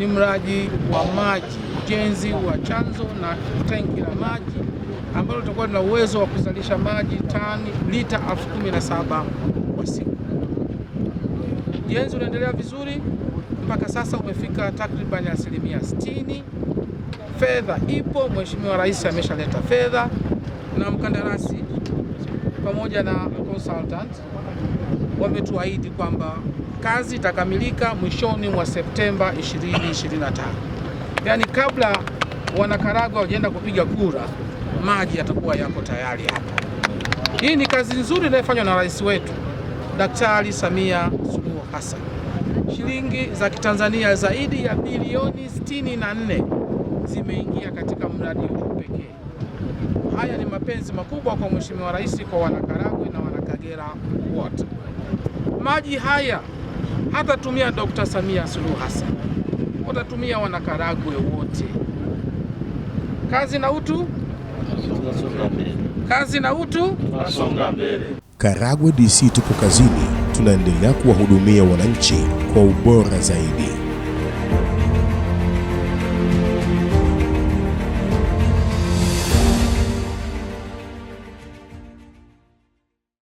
ni mradi wa maji, ujenzi wa chanzo na tenki la maji ambalo tutakuwa tuna uwezo wa kuzalisha maji tani lita elfu kumi na saba kwa siku. Ujenzi unaendelea vizuri mpaka sasa umefika takribani asilimia 60. Fedha ipo, Mheshimiwa Rais ameshaleta fedha na mkandarasi pamoja na consultant wametuahidi kwamba kazi itakamilika mwishoni mwa Septemba 2025. Yaani kabla wanakaragwa wajaenda kupiga kura, maji yatakuwa yako tayari hapa. Hii ni kazi nzuri inayofanywa na rais wetu Daktari Samia Suluhu Hassan. Shilingi za Kitanzania zaidi ya bilioni 64 zimeingia katika mradi huu pekee mapenzi makubwa kwa Mheshimiwa Rais, kwa Wanakaragwe na Wanakagera wote. Maji haya hatatumia Dr. Samia Suluhu Hassan, watatumia Wanakaragwe wote. Kazi na utu, kazi na utu, Karagwe DC tupo kazini, tunaendelea kuwahudumia wananchi kwa ubora zaidi.